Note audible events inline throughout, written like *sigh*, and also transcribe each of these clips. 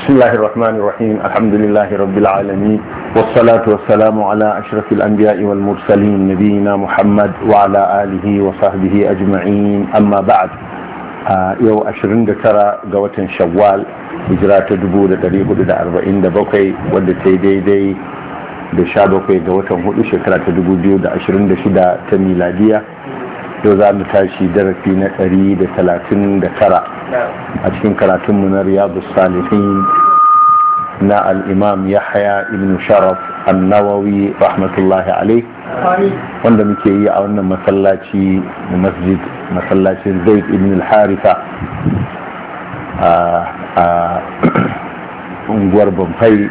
بسم الله الرحمن الرحيم الحمد لله رب العالمين والصلاة والسلام على أشرف الأنبياء والمرسلين نبينا محمد وعلى آله وصحبه أجمعين أما بعد يو أشرين yau 29 ga watan shawwal hijira ta 1447 wadda ta دي دي دشابوكي قوة ga watan 4 ديو دا أشرين دشدة تميلادية yau za mu tashi darasi na ɗari da da talatin tara, a cikin mu na riyadu salihin na al'imam yahya ibn sharaf annawawi rahmatullahi alaih wanda muke yi a wannan masallaci na masjid masallacin zaid ibn al harifa a unguwar bamfai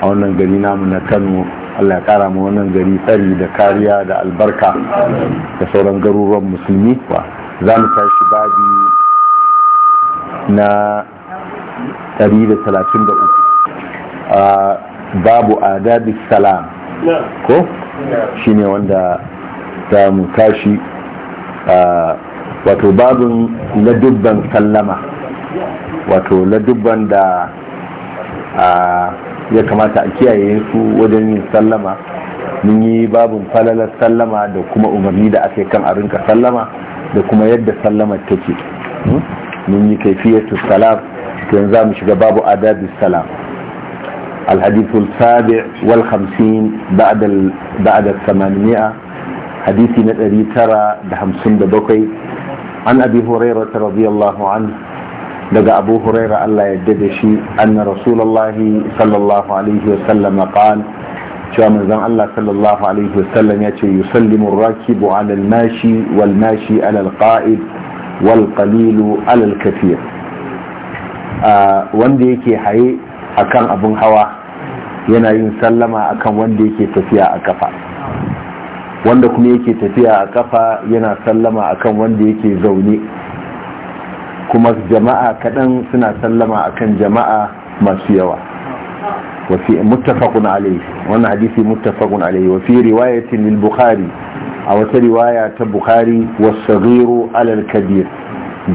a wannan gari namu na kano Allah ya kara mu wannan gari tsari da kariya da albarka da sauran garuruwan musulmi za mu tashi babi na 133 a babu adabi salam ko shine wanda za mu tashi wato babin ladubban sallama wato ladubban da a ya kamata a kiyaye su wajen yin sallama mun yi babin falalar sallama da kuma umarni da aka kan a rinka sallama da kuma yadda sallama take hmm? mun yi kaifiyatu salam yanzu mu shiga babu adabi salam الحديث السابع والخمسين بعد ال... بعد الثمانمائة حديث نتري ترى بحمسون an عن أبي هريرة رضي الله عنه daga abu huraira allah ya da shi anna rasulullahi sallallahu alaihi wa wasallam qal cewa manzon allah sallallahu alaihi sallam ya ce yusallimu rakibu ala mashi wal mashi ala alqa'id wal qalilu ala kafiyar. wanda yake haye akan abun hawa yana yin sallama akan wanda yake tafiya a kafa wanda kuma yake tafiya a kafa yana sallama akan wanda yake zaune kuma jama'a kaɗan suna sallama akan jama'a masu yawa wafi muttafaqun alayhi wannan hadisi muttafaqun alayhi wa fi riwayati lil bukhari a wata riwaya ta bukhari was-saghiru ala al-kabir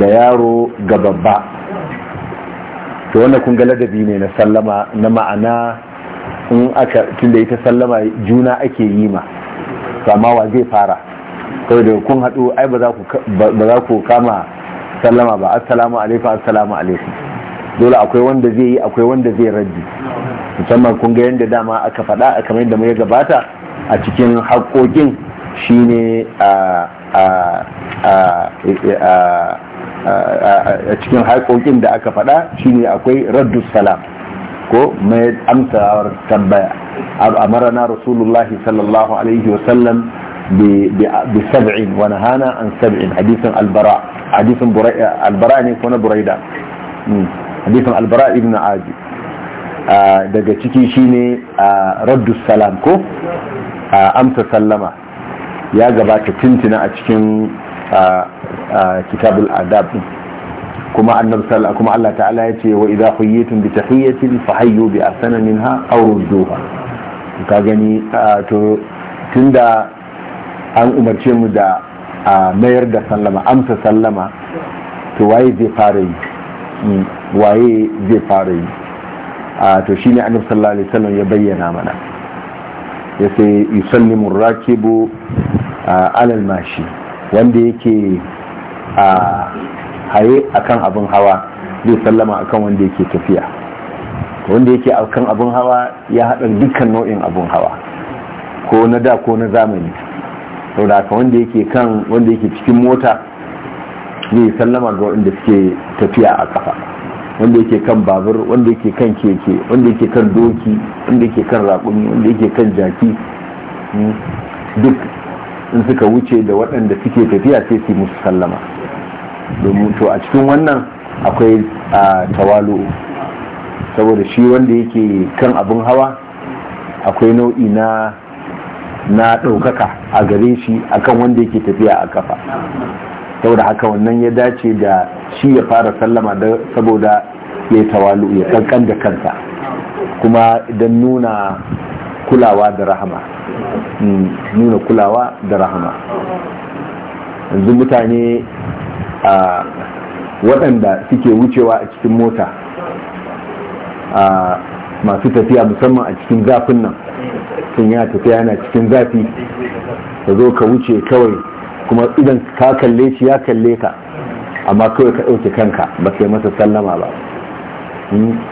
da yaro ga babba to wannan kun ga ladabi ne na sallama na ma'ana in aka tunda ita sallama juna ake yi ma to amma wa zai fara kawai da kun haɗu ai ba za ku kama sallama ba assalamu alaikum assalamu alaikum dole akwai wanda zai yi akwai wanda zai raddi musamman kun ga yadda dama aka faɗa a kamar yadda ya gabata a cikin haƙoƙin shine a cikin haƙoƙin da aka faɗa shine akwai raddu salam ko mai amsa tambaya a marana rasulullahi sallallahu alaihi wasallam بسبع ونهانا عن سبع حديث البراء حديث البراء يكون بريدة حديث البراء ابن عاجي daga ciki shine raddu salam ko amsa sallama ya gabata tuntuna a cikin kitabul adab kuma annabi sallallahu kuma Allah ta'ala ya ce wa idza huyyitum bi tahiyyatin fahayyu bi ahsana minha aw rudduha ka gani tunda an umarce mu da a mayar da sallama amsa sallama to waye zai fara yi mm, waye zai fara yi a to ne annabi sallallahu alaihi wasallam ya bayyana mana ya sai yusallimu rakibu alal mashi wanda yake a haye akan abin hawa zai sallama akan wanda yake tafiya wanda yake akan abin hawa ya haɗa dukkan nau'in abin hawa ko na da ko na zamani saboda wanda yake kan wanda yake cikin mota zai sallama ga wanda suke tafiya a kafa wanda yake kan babur wanda yake kan keke wanda yake kan doki wanda yake kan raƙumi wanda yake kan jaki hmm, duk in suka wuce da waɗanda suke tafiya sai su musu sallama domin to a cikin wannan akwai a tawalu saboda shi wanda yake kan abin hawa akwai nau'i na na ɗaukaka a gare shi akan wanda yake tafiya a kafa saboda haka wannan ya dace da shi ya fara sallama saboda ya tawalu ya kankan da kansa kuma don nuna kulawa da rahama hmm, nuna kulawa da rahama yanzu mutane a waɗanda suke wucewa a cikin mota masu tafiya musamman a cikin zafin nan sun yana tafiya yana cikin zafi ka zo ka wuce kawai kuma idan ka kalle shi ya kalle ka amma kawai ka ɗauke kanka ba sai masa sallama ba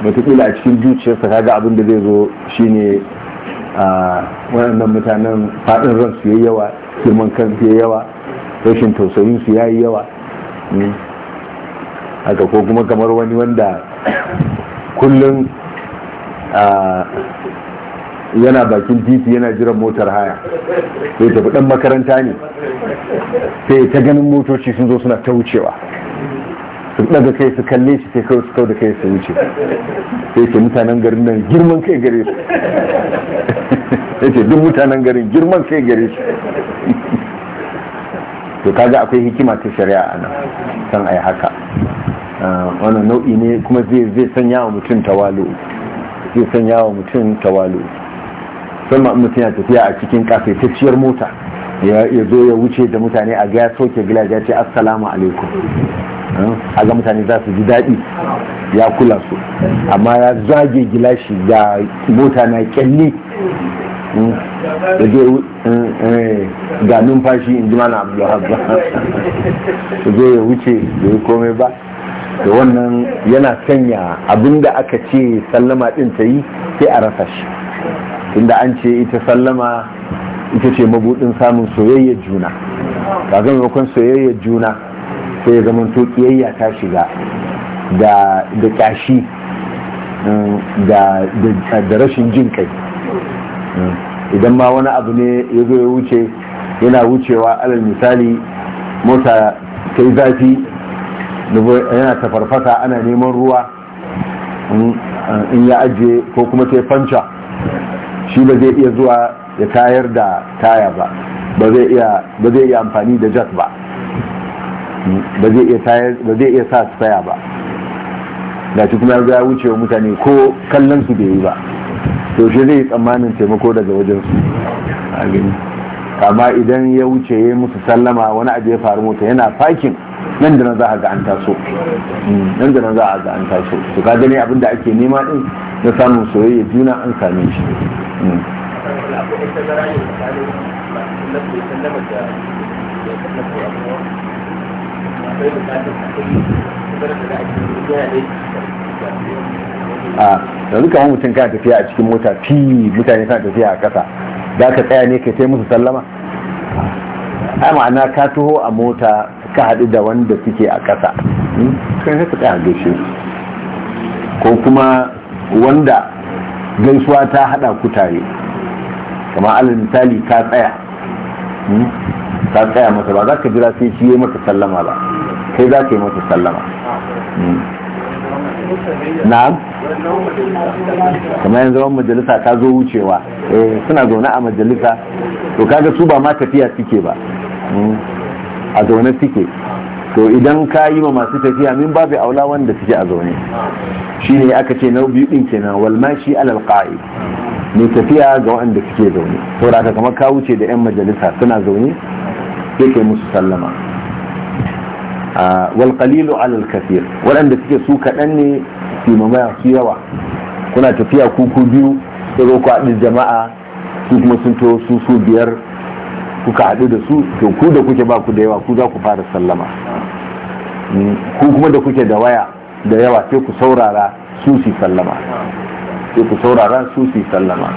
matakila hmm, a cikin zuciyarsa kaga abin da zai zo shine waɗannan mutanen faɗin ran su yayi yawa girman kan su yayi yawa rashin tausayin su yayi yawa hmm, haka ko kuma kamar wani wanda kullum yana bakin titi yana jiran motar haya sai tafi dan makaranta ne sai ta ganin motoci sun zo suna ta wucewa su daga kai su kalle shi sai kawai su kawai da kai su wuce sai ke mutanen garin nan girman kai gare su sai ce duk mutanen garin girman kai gare su to kaga akwai hikima ta shari'a a nan kan ai haka wannan nau'i ne kuma zai sanya wa mutum tawalu sai sanya wa mutum tawalu ma mutum yana tafiya a cikin kafaitacciyar mota ya zo ya wuce da mutane a ga soke gila ya ce assalamu alaikum a ga mutane za su ji daɗi ya kula su amma ya zage gilashi ga mota na kyalli hmm, hmm, eh, ga numfashi in ji mana abu da zo ya wuce da ya komai ba da wannan yana sanya abinda aka ce sallama din ta yi sai a rasa shi inda an ce ita sallama ita ce mabudin samun soyayyar juna ba ga maimakon soyayyar juna sai zama to kiyayya ta shiga da mm, da da da rashin jin kai mm. idan ma wani abu ne ya zo ya wuce yana wucewa alal misali mota ta yi zafi yana ta ana neman ruwa in ya ajiye ko kuma sai fanca shi ba zai iya zuwa ya tayar da taya ba ba zai iya amfani da jet ba ba zai iya sa su taya ba da shi kuma ya wuce wa mutane ko kallon su bai yi ba to shi zai tsammanin taimako daga wajen su amma idan ya wuce ya musu sallama wani abu ya faru mota yana fakin nan da nan za a ga an taso nan da nan za a ga an taso to ka gani abin da ake nema din na samun soyayya juna an same shi mm. a yanzu kamar mutum kana tafiya a cikin mota fi mutane kana tafiya a ƙasa za ka tsaya ne ka sai musu sallama a ma'ana ka taho a mota ka haɗu da wanda suke a ƙasa hmm? kan sai ka tsaya gaishe ko kuma wanda gaisuwa ta haɗa ku tare kamar alal misali ka tsaya hmm? ka tsaya masa ba za ka jira sai shi yi masa sallama ba kai za ka yi masa sallama hmm? na'am kamar yanzu wani majalisa ta zo wucewa eh, suna zaune a majalisa to kaga su ba ma tafiya suke ba a zaune suke to idan ka yi ma masu tafiya min babu aula wanda suke a zaune shi ne aka ce na biyu din kenan wal alal qa'id mai tafiya ga wanda suke zaune saboda kamar ka wuce da yan majalisa suna zaune yake musu sallama wal qalilu alal waɗanda suke su kaɗan ne su mamaya su yawa kuna tafiya ku kuku biyu sai ku haɗu jama'a su kuma sun to su su biyar kuka haɗu da su to ku da kuke ba ku da yawa ku za ku fara sallama mm, ku kuma da kuke da waya da yawa sai ku saurara su su sallama sai ku saurara su su sallama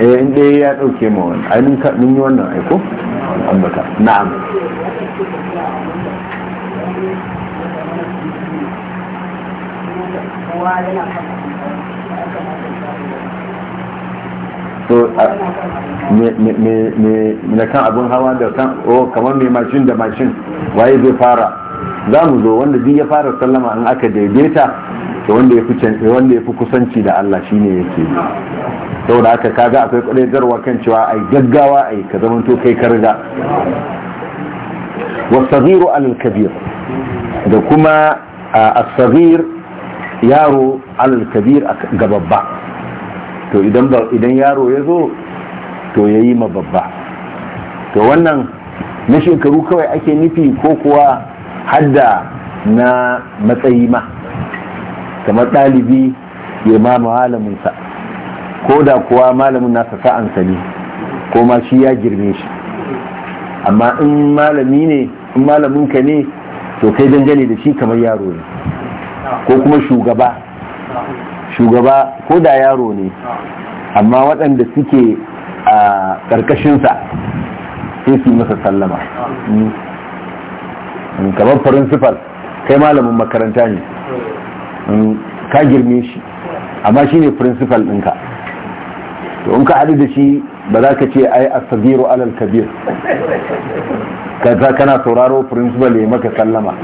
eh in ya dauke ma wani ai mun mun yi wannan aiko ambata na'am wa yana to na kan abin hawa da kan o kamar mai mashin da mashin waye zai fara za mu zo wanda zai ya fara sallama in aka daidaita to wanda ya fi wanda ya fi kusanci da Allah shine yake saboda haka kaga akwai kwadaitarwa kan cewa ai gaggawa ai ka zama to kai karga wasagiru alal kabir da kuma as-sagir yaro alal kabir ga babba to idan yaro ya zo to ya yi ma babba to wannan na shekaru kawai ake nufi ko kuwa hadda na matsayi ma kamar ɗalibi ya ma malaminsa ko da kuwa malamin nasa sa'ansa ne ko ma shi ya girme shi amma in malami ne in malaminka ne to kai dangane da shi kamar yaro ne ko kuma shugaba shugaba ko da yaro ne amma waɗanda suke a ƙarƙashinsa sai su masa sallama mm. Mm, kamar principal kai malamin makaranta ne mm, ka girme shi amma shi ne firinsifal ɗinka to in ka haɗu da shi ba za ka ce ai asabiru alal kabir kaza kana sauraro principal ya maka sallama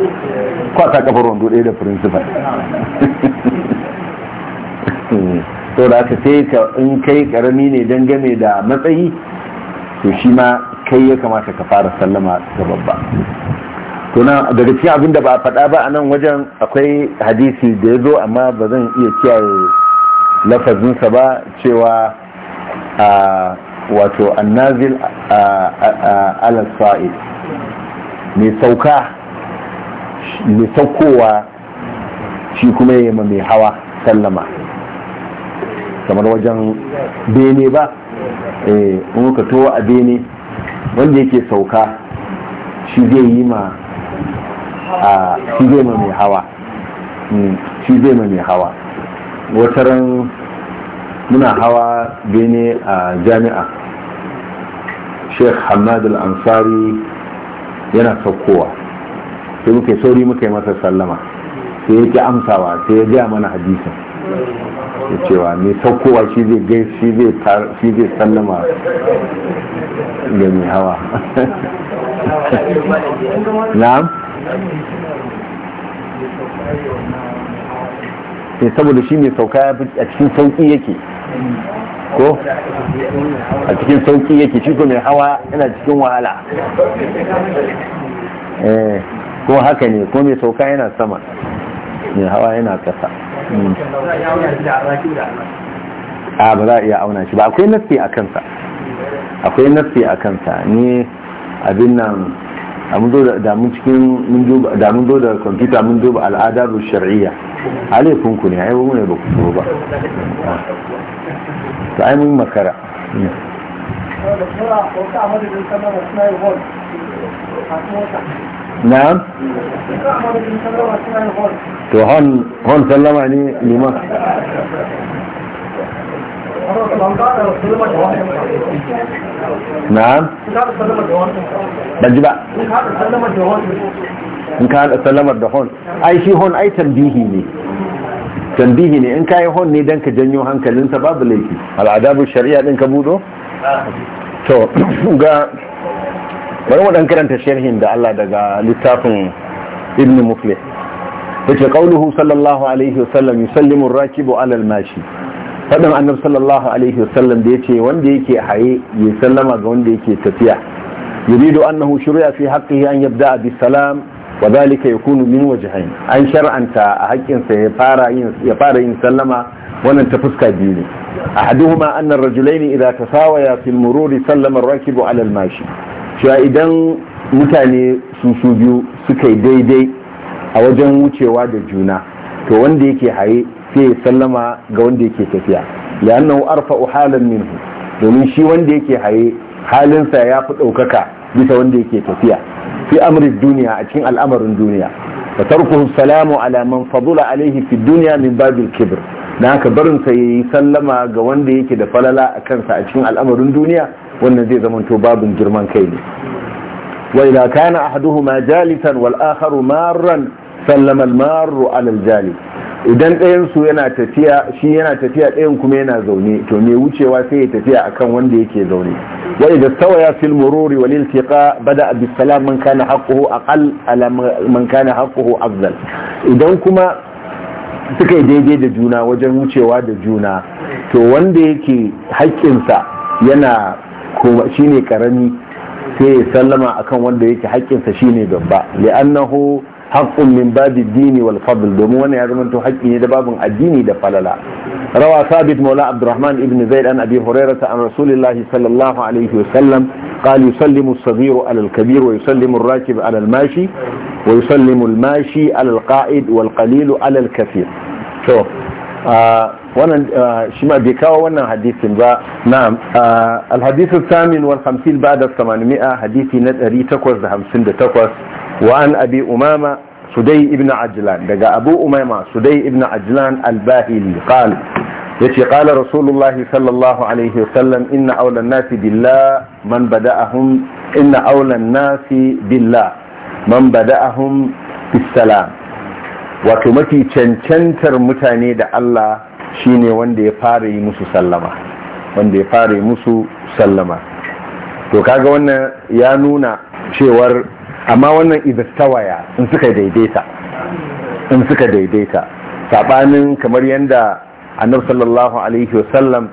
kwata kafar wando ɗaya da principal? *laughs* to da ka sai ka in kai karami ne dangane da matsayi to shi ma kai ya kamata ka fara sallama ga babba to na daga cikin abin da ba a faɗa ba a nan wajen akwai hadisi da ya zo amma ba zan iya kiyaye lafazinsa ba cewa a wato annazil alal sa'id mai sauka mai saukowa shi kuma ya ma mai hawa sallama kamar wajen bene ba eh in ka towa a bene wanda yake sauka shi zai yi ma a shi zai ma mai hawa hmm, shi zai ma mai hawa wataran muna hawa bene a jami'a sheikh hamad al-ansari yana saukowa sai muka sauri muka yi masa sallama sai yake amsawa sai ya gaya mana hadisin cewa ne saukowa shi zai gai shi zai sallama ga mai hawa *laughs* na'am sai eh, saboda shi mai sauka a cikin sauki yake ko a cikin sauki yake shi mai hawa yana cikin wahala eh, ko haka ne ko mai sauka yana sama ne hawa yana kasa hmm. a ba za a iya auna shi ba akwai nassi a kansa akwai nassi a kansa ne abin nan da cikin zo da kwamfuta mun duba al'adar shari'a alaikun ku ne aibu ne ba ku so ba ta aimun makara hmm. a na'am to hon sallama ne liman na'am ban ji ba in ka haɗa sallamar da hon ai hon ai tambihi ne tambihi ne in ka yi hon ne don ka janyo hankalinsa babu laifi al'adabu shari'a ɗin ka budo to ga bari mu dan karanta sharhin da Allah daga littafin ibn muflih yace qauluhu sallallahu alaihi wasallam yusallimu ar-rakibu ala al-mashi fadan annabi sallallahu alaihi wasallam da yace wanda yake haye ya sallama ga wanda yake tafiya yuridu annahu shuri'a fi haqqihi an yabda'a bis-salam wa dhalika yakunu min wajhayn an shar'anta a sa ya fara yin ya fara yin sallama wannan ta fuska biyu ne ahaduhuma anna ar-rajulayn idha tasawaya fil murur sallama ar-rakibu ala al-mashi cewa idan mutane su su biyu suka yi daidai a wajen wucewa da juna to wanda yake haye sai sallama ga wanda yake tafiya li'annahu arfa'u halan minhu domin shi wanda yake haye halinsa ya fi ɗaukaka bisa wanda yake tafiya fi amrin duniya a cikin al'amarin duniya wa tarkuhu salamu ala man fadula alaihi fi duniya min babil kibr dan haka barin sa yayi sallama ga wanda yake da falala a kansa a cikin al'amarin duniya wannan zai zama to babin girman kai ne wa ila kana ma jalisan wal akharu marran sallama al marru ala al jali idan ɗayan su yana tafiya shi yana tafiya ɗayan kuma yana zaune to me wucewa sai ya tafiya akan wanda yake zaune wa idza sawaya fil mururi wal iltiqa bada bi salam man kana haqquhu aqal ala man kana haqquhu afdal idan kuma suka daidai da juna wajen wucewa da juna to wanda yake haƙƙinsa yana kuma shine karami sai ya sallama akan wanda yake haƙƙinsa shine babba li'annahu haqqun min babi dini wal fadl domin wannan ya zama to haƙƙi ne da babin addini da falala rawa sabit maula abdurrahman ibn zaid an abi hurairah an rasulillahi sallallahu alaihi wasallam قال يسلم الصغير mashi الكبير ويسلم الراكب على الماشي ويسلم الماشي على القائد والقليل على الكثير شوف wannan shi ma bai kawo wannan hadisin ba na'am alhadisu samin wal hamsin ba da samanumi'a hadisi na 858 wa an abi umama sudai ibn ajlan daga abu umama sudai ibn ajlan albahili qal yace qala rasulullahi sallallahu alaihi wasallam inna awla nasi billah man man salam wato mafi cancantar mutane da Allah shine wanda ya fara yi musu sallama wanda ya fara yi musu sallama to kaga wannan ya nuna cewar amma wannan idastawaya in suka daidaita in suka daidaita sabanin kamar yadda annabi sallallahu alaihi wasallam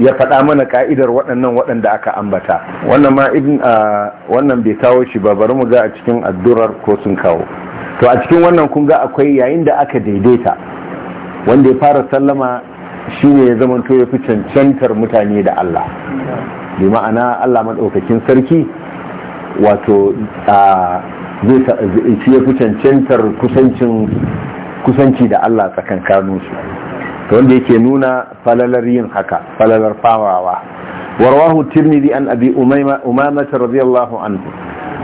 ya faɗa mana ka'idar waɗannan waɗanda aka ambata wannan ma wannan bai kawo shi ba bari mu ga a cikin addurar ko sun kawo to a cikin wannan kun ga akwai yayin da aka daidaita wanda ya fara sallama shine ya zama to ya fi cancantar mutane da Allah bi ma'ana Allah maɗaukakin sarki wato shi ya fi cancantar kusanci da Allah su. To wanda yake nuna falalar yin haka falalar fawawa warwahu tirmidhi an abi umama radiyallahu anhu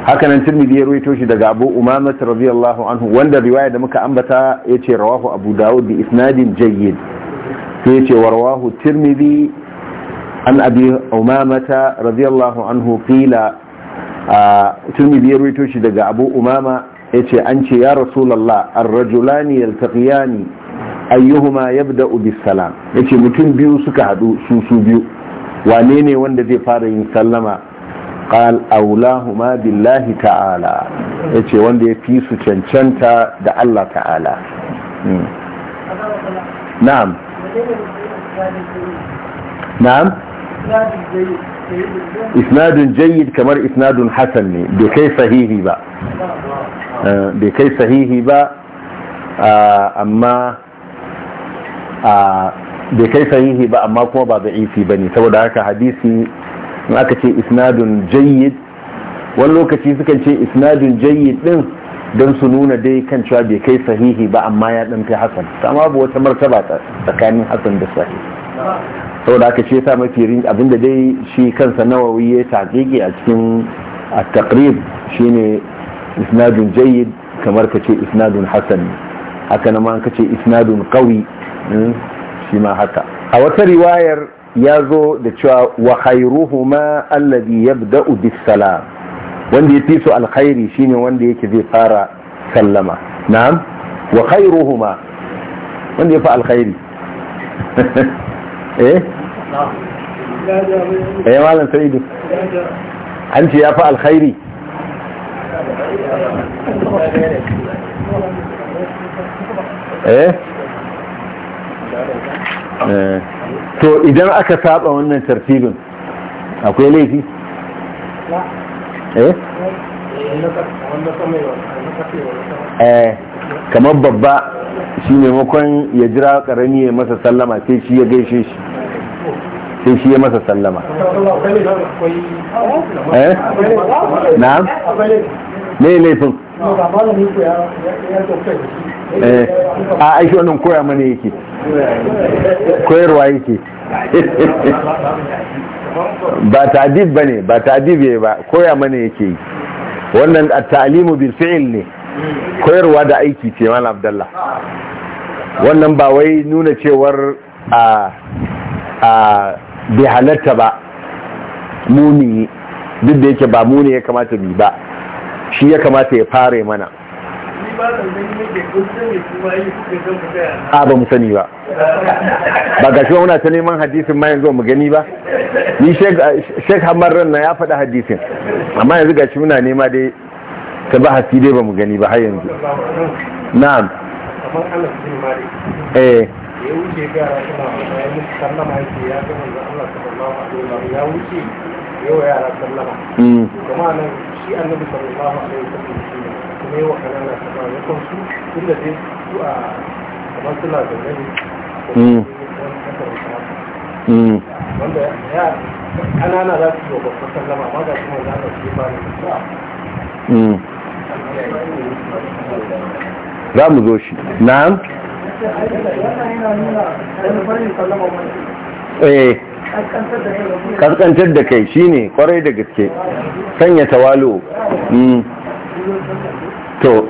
haka nan tirmidhi ya ruwaito shi daga abu umama radiyallahu anhu wanda riwaya da muka ambata yace rawahu abu dawud bi isnadin jayyid sai yace wa rawahu tirmidhi an abi umamata radiyallahu anhu qila tirmidhi ya ruwaito shi daga abu umama yace an ce ya rasulullah ar-rajulani yaltaqiyani ayyuhuma yabda'u bis salam yace mutum biyu suka hadu su su biyu wane ne wanda zai fara yin sallama qal ma billahi ta'ala yace wanda ya fi su cancanta da Allah ta'ala na'am na'am isnadun jayyid kamar isnadun hasan ne bai kai sahihi ba bai kai sahihi ba amma bai kai sahihi ba amma kuma ba ba ne saboda haka hadisi in aka ce isnadun jayyid wani lokaci sukan ce isnadun jayyid din don su nuna dai kan cewa bai kai sahihi ba amma ya dan kai hasan amma ba wata martaba tsakanin hasan da sahihi saboda aka ce sa mafi rin abinda dai shi kansa nawawi ya taƙiƙi a cikin a taqrib shine isnadun jayyid kamar ka ce isnadun hasan haka nan ma ka ce isnadun qawi hmm, shi ma haka a wata riwayar ya zo da cewa wa ma alladhi yabda'u bis salam wanda ya fi su alkhairi shine wanda yake zai fara sallama na'am wa ma wanda ya fi alkhairi *laughs* eh eh malam sa'idu an ce ya fi alkhairi eh eh to idan aka saba wannan tartibin akwai laifi eh eh kamar babba shi maimakon ya jira karami ya masa sallama sai shi ya gaishe shi sai shi ya masa sallama eh na'am ne laifin eh, a aiki wannan koya mana yake koyarwa yake ba ta'dib bane ba ta'dib yayi ba koya mana yake yi wannan at-ta'limu bil fi'l ne koyarwa da aiki ce mallam abdullah wannan ba wai nuna cewar a a bi halatta ba muni duk da yake ba muni ya kamata bi ba shi ya kamata ya fare mana a ba mu sani ba ba ga shi muna ta neman hadisin ma yanzu mu gani ba ni hamar ran na ya faɗi hadisin amma yanzu ga shi muna nema dai ta ba hasi dai ba mu gani ba har yanzu na'am eh ya wuce ya ya ga ya wuce shi ne wa kanana sakamakon su da dai su a kamar suna da gani wanda ya kanana za su yi babban sallama kuma za da za mu zo shi na'am eh. kaskantar da kai shine kwarai da gaske sanya tawalo hmm. to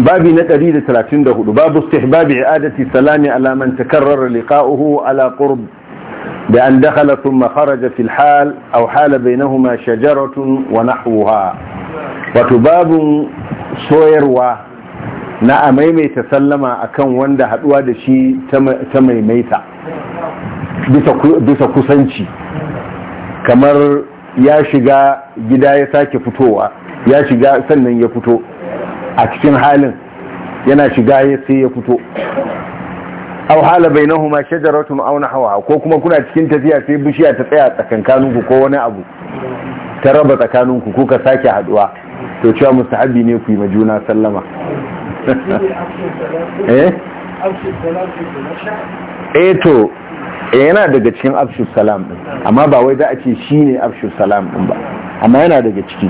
*clears throat* babi na 134 babu istihbabi i'adati salami ala man takarrara liqa'uhu ala qurb da an dakhala thumma kharaja fi hal aw hala bainahuma shajaratun wa nahwaha wato babun soyarwa na a maimaita sallama akan wanda haduwa da shi ta maimaita bisa kusanci kamar ya shiga gida ya sake fitowa ya shiga sannan ya fito a cikin halin yana shiga ya sai ya fito au hala bainahuma shajaratun aw nahwaha ko kuma kuna cikin tafiya sai bishiya ta tsaya ku ko wani abu ta raba ku ko ka sake haduwa to cewa mustahabi ne ku yi majuna sallama *laughs* eh eh to eh yana daga cikin afshu salam din amma ba wai za a ce shine afshu salam din ba amma yana daga ciki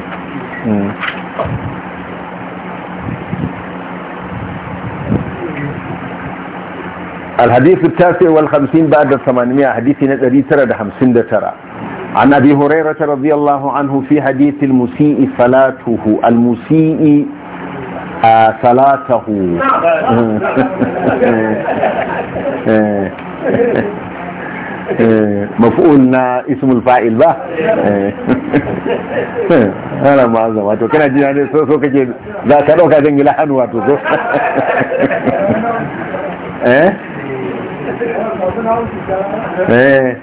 hmm. الحديث التاسع والخمسين بعد الثمانمائة حديث نتري ترى سند ترى عن أبي هريرة رضي الله عنه في حديث المسيء صلاته المسيء آه، صلاته نعم. *laughs* آه. *laughs* Eh, mafi'ul na ismul fa'il ba eh. Eh, ana ma'azan wato kana jina ne so so kake za ka dauka zan yi lahanu wato so *laughs* eh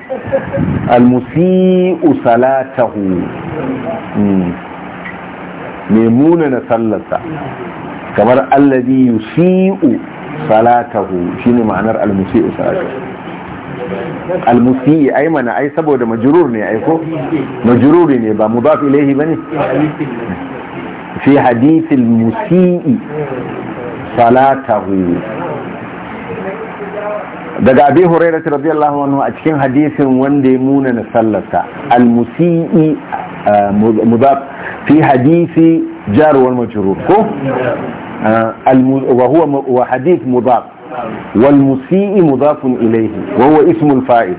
almusi'u salatahu hmm. memuna na sallarsa kamar allazi yusi'u salatahu shine ma'anar almusi'u salatahu almusi ai mana ai saboda majurur ne ai ko majururi ne ba mudaf ilaihi bane fi hadithil musii salatahu daga abi hurairah radiyallahu anhu a cikin hadisin wanda ya muna na sallata almusii uh, mudaf fi hadisi jar wal majrur ko uh, wa huwa wa hadith mudaf والمسيء مضاف إليه وهو اسم الفاعل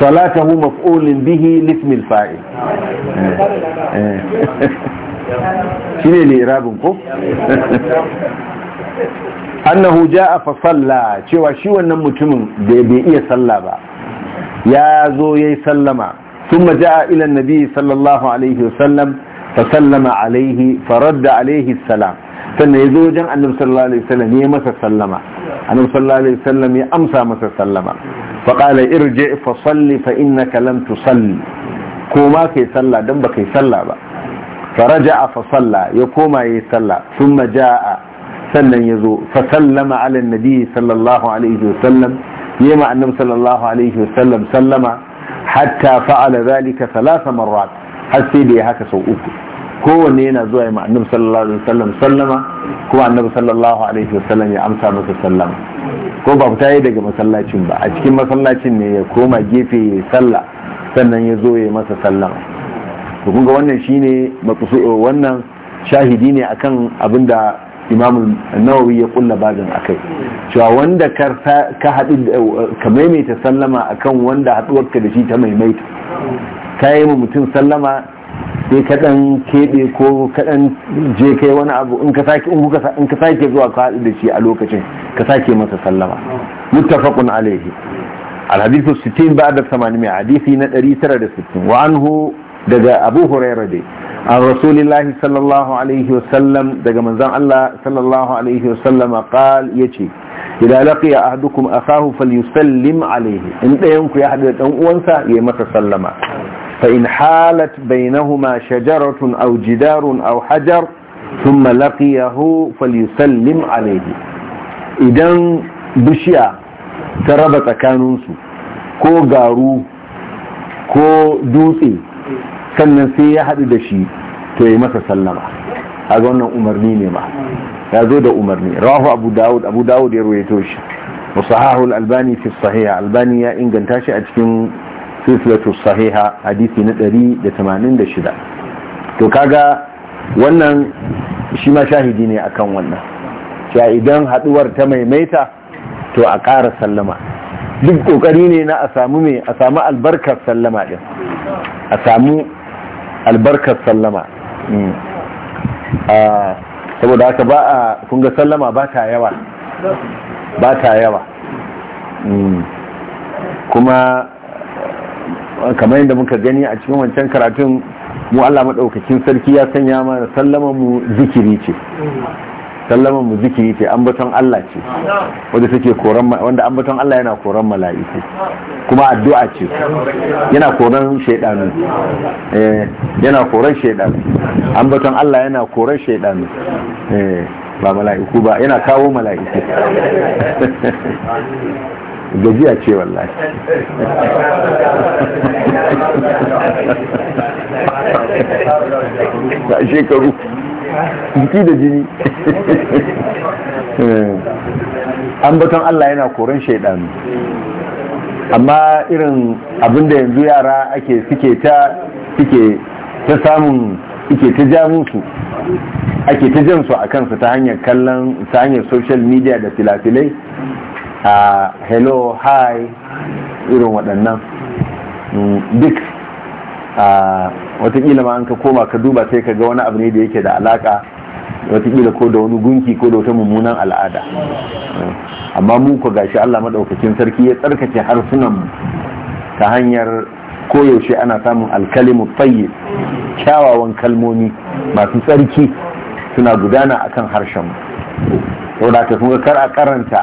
صلاته مفعول به لاسم الفاعل شنو annahu ja'a fa salla cewa shi wannan mutumin da bai iya salla ba ya zo yayi sallama thumma ja'a ila annabi sallallahu alaihi wasallam fa sannan ya zo wajen annabi sallallahu alaihi wasallam ya masa sallama annabi sallallahu alaihi wasallam ya amsa masa sallama fa qala irji fa salli fa innaka lam tusalli ko ma kai salla dan ba kai salla ba fa raja'a fa salla ya koma yayi sallah thumma jaa sannan ya zo fa sallama ala annabi sallallahu alaihi wasallam ya ma annabi sallallahu alaihi wasallam sallama hatta fa'ala dhalika thalath marrat har sai da ya haka sau uku kowanne yana zuwa yi annabi sallallahu alaihi wasallam sallama kuma annabi sallallahu alaihi wasallam ya amsa masa sallama ko ba fita yi daga masallacin ba a cikin masallacin ne ya koma gefe ya salla sannan ya zo ya masa sallama to kun ga wannan shine wannan shahidi ne akan abinda imam nawawi ya kulla babin akai cewa wanda ka haɗu ka maimaita sallama akan wanda haɗuwarka da shi ta maimaita ka yi mutum sallama sai kaɗan keɓe ko kaɗan je kai wani abu in ka sake in ka sake zuwa ka haɗu da shi a lokacin ka sake masa sallama muttafaqun alayhi الحديث الستين بعد الثمانمائة حديث نتري سرد الستين وعنه دقى أبو هريرة دي عن رسول الله صلى الله عليه وسلم دقى من alaihi الله صلى الله عليه وسلم قال يتي إذا لقي أحدكم أخاه فليسلم عليه انت ينكو يحدث أنسى يمت sallama. fa in halat bainahuma shajaratun au jidarun au hajar thumma laqiyahu falyusallim alayhi idan bishiya ta raba tsakaninsu ko garu ko dutse sannan sai ya haɗu da shi to yayi masa sallama kaga wannan umarni ne ma ya zo da umarni rahu abu daud abu daud ya ruwaito shi wa sahahu al-albani fi sahiha albani ya inganta shi a cikin silsilatu sahiha hadisi na 186 to kaga wannan shi ma shahidi ne akan wannan cewa idan haduwar ta maimaita to a ƙara sallama duk kokari ne na a samu mai a samu albarkar sallama din a samu albarkar sallama hmm. saboda haka ba a kunga sallama ba ta yawa ba ta yawa hmm. kuma kamar yadda muka gani a cikin wancan karatun mu Allah maɗaukakin sarki ya sanya mana sallama mu zikiri ce sallama mu zikiri ce ambaton Allah ce wanda take koran wanda ambaton Allah yana koran mala'iku kuma addu'a ce yana koran shaydanu eh yana koran shaydanu ambaton Allah yana koran shaydanu eh ba mala'iku ba yana kawo mala'iku *laughs* gajiya ce wallahi a shekaru jiki da jini an batan Allah yana koren shaidanu amma irin abinda yanzu yara ake suke ta suke ta samun suke ta ja musu ake ta jan su a kansu ta hanyar kallon ta hanyar social media da filafilai a hello hi irin waɗannan mm, duk a watakila ma an ka koma ka duba sai ka ga wani abu ne da yake da alaka watakila ko da wani gunki ko da wata mummunan al'ada mm, amma mu ku gashi allah madaukakin sarki ya tsarkake harsunan ta hanyar koyaushe ana samun alkalimu tsaye kyawawan kalmomi masu tsarki suna gudana akan harshen mu wadda ka kuma kar a karanta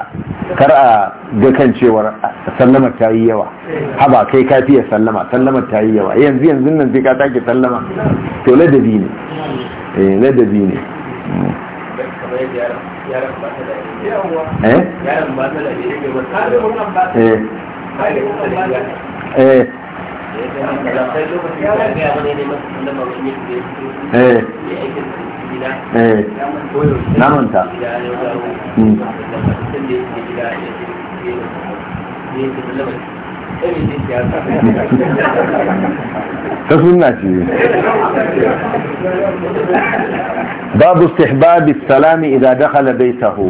kar a ga kan cewar sallama ta yi yawa haba kai ka fiye sallama sallama ta yi yawa yanzu yanzu nan sai ka take sallama to ladabi ne eh, ladabi ne eh eh, eh. eh. Eh. na manta hmm. ta sunna ce babu istihbab salam idan dakhala baytahu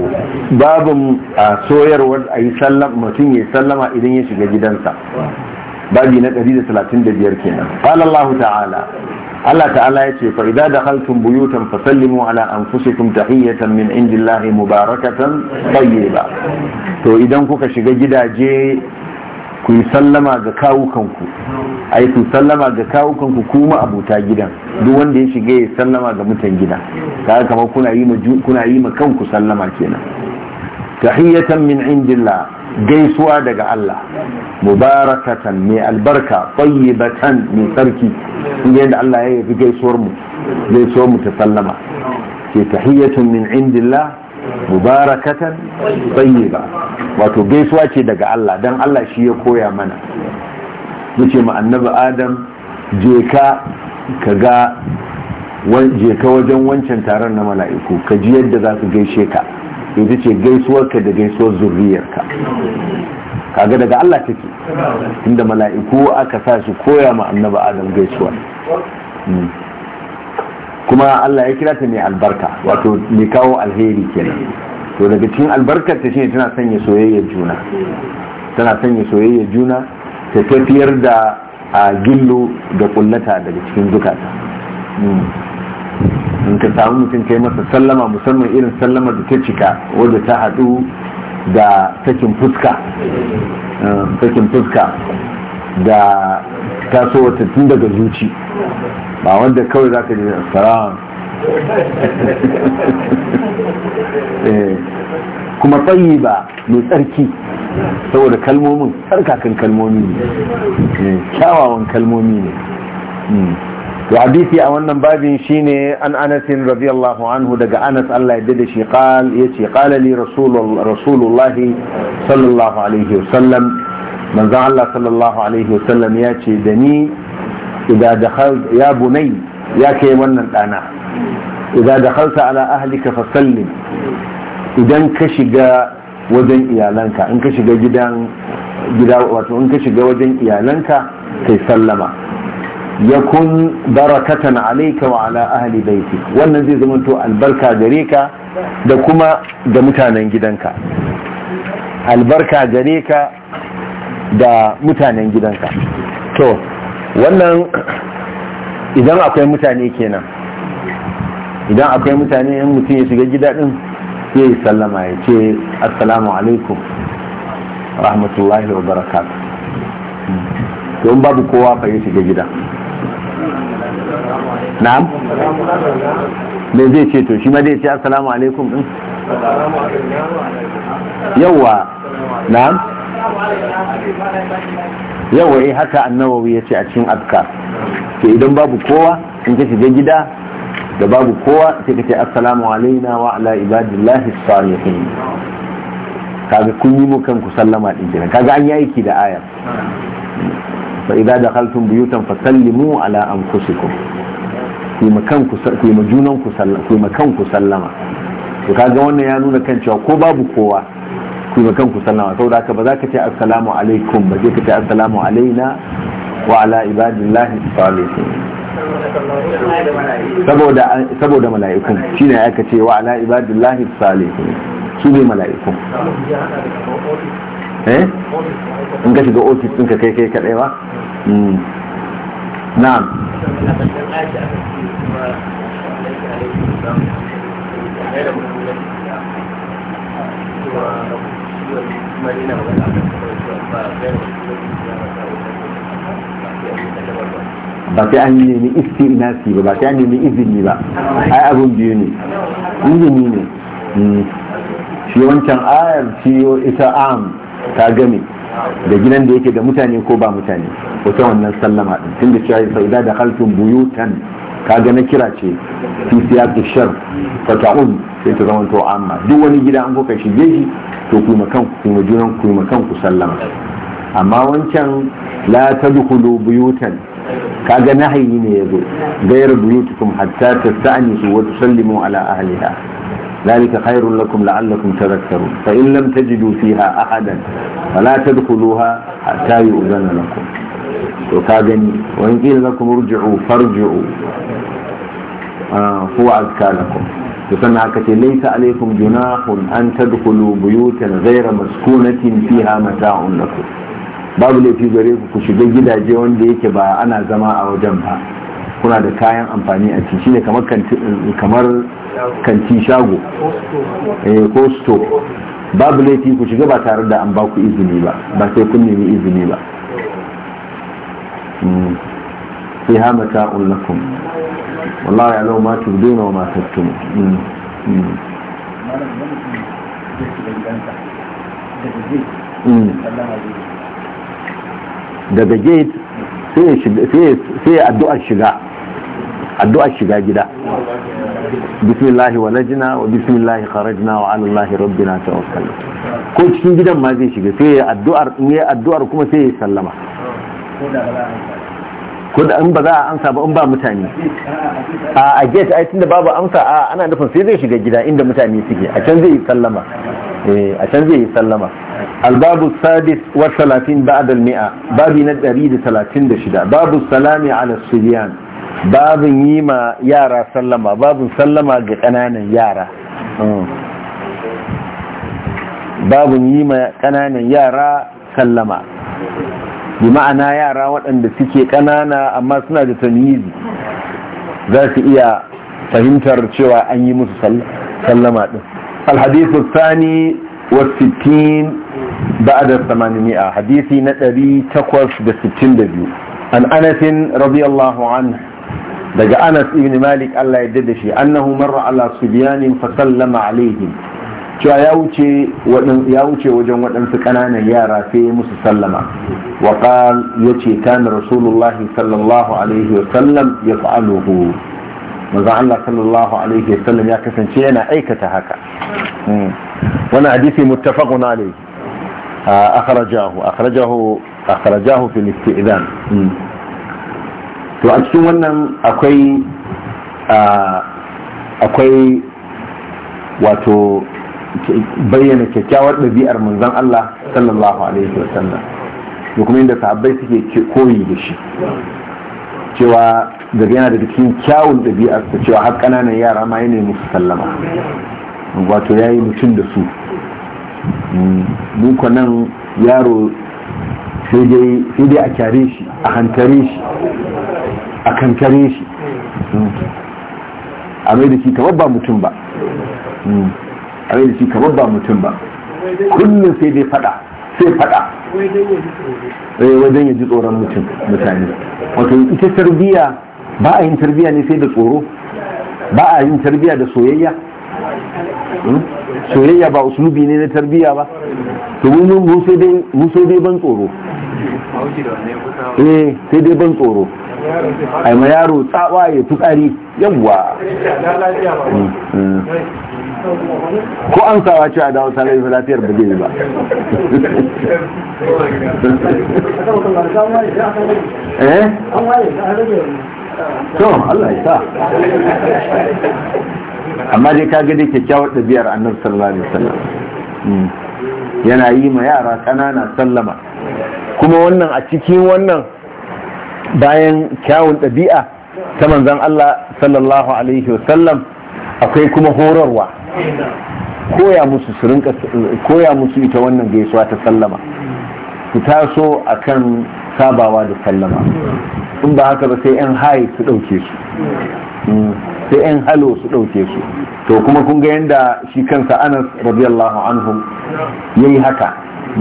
babu soyarwar ayi sallam mutum ya sallama idan ya shiga gidansa babi na 135 kenan qala Allah ta'ala Allah ta'ala ya ce fa'ida da haltun buyutan fasallimu ala anfusikum tahiyyatan min indillahi mubarakatan ba to idan kuka shiga gidaje ku yi sallama ga kawukanku ai yi sallama ga kawukanku kuma abuta gidan duk wanda ya shiga ya sallama ga mutan gida kaga kamar kuna yi ma kanku sallama kenan tahiyatan min indillah gaisuwa daga Allah mubarakatan mai albarka tayyibatan mai tsarki inda Allah ya yi gaisuwar mu gaisuwar mu ta sallama ke tahiyatan min indillah mubarakatan tayyiba wato gaisuwa ce daga Allah dan Allah shi ya koya mana yace ma annabi Adam je ka kaga je wajen wancan taron na mala'iku ka ji yadda za su gaishe ka ji ce gaisuwarka da gaisuwar zurriyarka kaga daga Allah take inda mala'iku aka sa su koya ma annaba adam gaisuwa hmm. kuma Allah ya kira ta mai albarka wato mai kawo alheri kenan to daga cikin albarkar ta shine tana sanya soyayyar juna tana sanya soyayyar juna ta tafiyar da a gillo da kullata daga cikin zukata hmm. in ka samu mutum kai masa sallama musamman irin sallamar da ta cika wadda ta haɗu da sakin fuska eh, sakin fuska da wata tun daga zuci ba wanda kawai za ka ji salam *laughs* eh, kuma tsayi ba mai tsarki saboda kalmomin tsarkakan kalmomi ne eh, kyawawan kalmomi ne hmm. da hadisi a wannan babin shine an anasin radiyallahu anhu daga anas Allah ya da shi qal yace qala li rasulullahi sallallahu alaihi wasallam manzon Allah sallallahu alaihi wasallam yace da ni idan dakhal ya bunai ya kai wannan dana idan dakhalta ala ahlika fasallim idan ka shiga wajen iyalanka in ka shiga gidan gida wato in ka shiga wajen iyalanka kai sallama Ya kun barakatan alayka wa ala ahli baiti wannan zai zama to albarka gare ka da kuma da mutanen gidanka albarka gare ka da mutanen gidanka to wannan idan akwai mutane kenan idan akwai mutane yan mutum ya shiga gida din ya sallama ya ce assalamu alaikum rahmatullahi wa barakatuh don babu kowa fa ya shiga gida na'am me zai ce to shi ma zai ce assalamu alaikum din yawa na'am yawa eh haka annawawi ya ce a cikin azkar ke idan babu kowa in ka shiga gida da babu kowa sai kace assalamu alaina wa ala ibadillahi salihin kaga kun yi mu kanku sallama din kaga an yi aiki da ayar fa idza dakhaltum buyutan fasallimu ala anfusikum fi makan ku ku majunan ku sallama ku makan ku sallama to kaga wannan ya nuna kan cewa ko babu kowa ku makan ku sallama saboda haka ba za ka ce assalamu alaikum ba je ka ce assalamu alaina wa ala ibadillahi salihin saboda saboda mala'ikun shine aka ce wa ala ibadillahi salihin su ne mala'ikun eh in ka shiga ofis ka kai kai kaɗai ba Mm. na'am ba sai an nemi istinasi ba ba sai an nemi izini ba ai abun biyu ne izini ne mm. shi wancan ayar ciyo ita am ta gani. da gidan da yake da mutane ko ba mutane wata wannan sallama din tun da cewa fa idza dakhaltum buyutan kaga na kira ce fi siyaqi shar fa ta'ud sai ta zama to amma duk wani gida an kuka shige shi to ku makan ku ku junan ku makan ku sallama amma wancan la tadkhulu buyutan kaga nahayi ne yazo gairu buyutukum hatta tasta'nisu wa tusallimu ala ahliha ذلك خير لكم لعلكم تذكرون فإن لم تجدوا فيها أحدا فلا تدخلوها حتى يؤذن لكم وكادني وإن قيل لكم ارجعوا فارجعوا آه هو أذكى لكم يسمى كتير ليس عليكم جناح أن تدخلوا بيوتا غير مسكونة فيها متاع لكم babu laifi gare ku ku shiga gidaje wanda yake ba ana zama a wajen ba kuna da kayan amfani a ciki ne kamar kanti shago eh, ko sto babu laifi ku shiga ba tare da an baku izini ba ba sai kun nemi izini ba hmm. fi hamata ullakum wallahi ya lau matu tubduna wa matattu hmm. hmm. daga gate sai ya addu'ar shiga addu'a shiga gida bismillahi wa najina wa bismillahi kharajna wa ala allahi rabbina tawakkal ko cikin gidan ma zai shiga sai ya addu'ar in ya addu'ar kuma sai ya sallama ko da in ba za a amsa ba in ba mutane a a gate ai tunda babu amsa a ana nufin sai zai shiga gida inda mutane suke a can zai yi sallama eh a can zai yi sallama albabu sadis wa 30 ba'da al-mi'a babi na 136 babu salami ala sibyan babin yi ma yara sallama babin sallama ga ƙananan yara mm. babin yi ma ƙananan yara sallama bi ma'ana yara waɗanda suke ƙanana amma suna da tamizi za su iya fahimtar cewa an yi musu sallama ɗin alhadisu sani wasittin بعد الثمانمائة حديثي نتبي تقوش بستين دبيو عن أنس rabi الله Anhu. daga anas ibn malik allah ya da shi annahu marra ala subyanin fa sallama alaihim cewa ya wuce ya wuce wajen waɗansu kananan yara sai ya musu sallama wa qal yace kana rasulullahi sallallahu alaihi wa sallam yaf'aluhu manzo Allah sallallahu alaihi wa sallam ya kasance yana aikata haka hmm. wannan hadisi muttafaqun alaihi ah, akhrajahu akhrajahu akhrajahu fil istidhan hmm. to a cikin wannan akwai akwai wato bayyana kyakkyawar ɗabi'ar manzon Allah sallallahu alaihi wasallam da kuma inda sahabbai suke koyi da shi cewa daga yana da cikin kyawun ɗabi'arsa cewa har ƙananan yara ma nemi musu sallama wato ya yi mutum da su mm, nan yaro sai dai a kyare shi a hantare shi a kankare shi a mai da shi kamar ba mutum ba a mai da shi kamar ba mutum ba kullum sai dai fada sai fada eh, wajen yaji tsoron mutum mutane wato ita tarbiya ba a yin tarbiya ne sai da tsoro ba a yin tarbiya da soyayya Hmm? soyayya ba usulubi ne na tarbiyya ba to mun sai dai ban tsoro eh sai dai ban tsoro ai ma yaro tsawa ya tsari yawwa hmm, hmm. ko an sawa ce a dawo salai fa lafiyar ba zai ba *laughs* eh to Allah ya sa amma dai ka gani kyakkyawar ɗabi'ar annar sallallahu alaihi wasallam hmm. yana yi ma yara ƙanana sallama kuma wannan a cikin wannan bayan kyawun ɗabi'a ta manzan Allah sallallahu alaihi wasallam akwai kuma horarwa koya musu ita wannan gaisuwa ta sallama su taso akan sabawa da sallama in ba haka ba sai yan haye su ɗauke su hmm. sai yan halo su ɗauke su to kuma kun ga yadda shi kansa anas radiyallahu anhu ya yi haka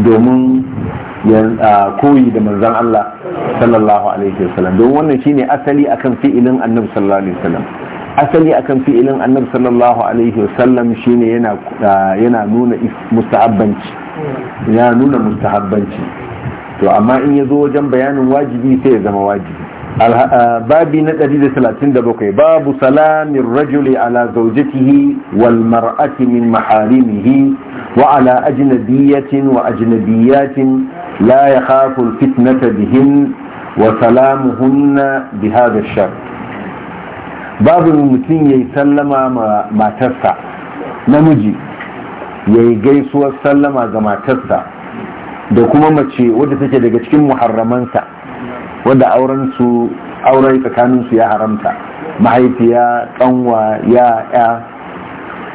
domin koyi da manzan Allah sallallahu alaihi wasallam don wannan shine asali akan fi'ilin annabi sallallahu alaihi wasallam asali akan fi'ilin annabi sallallahu alaihi wasallam shine yana yana nuna mustahabbanci ya nuna mustahabbanci to amma in ya zo wajen bayanin wajibi sai ya zama wajibi babi na 137 babu salamin rajuli ala zaujatihi wal mar'ati min maharimihi wa ala ajnabiyatin wa ajnabiyatin la ya al fitnata bihin wa salamuhunna bi hadha ash-shar babu mutum yayi sallama ma matarsa namiji yayi gaisuwar sallama ga matarsa da kuma mace wadda take daga cikin muharramansa wanda auren aure tsakanin su ya haramta mahaifiya kanwa ya ya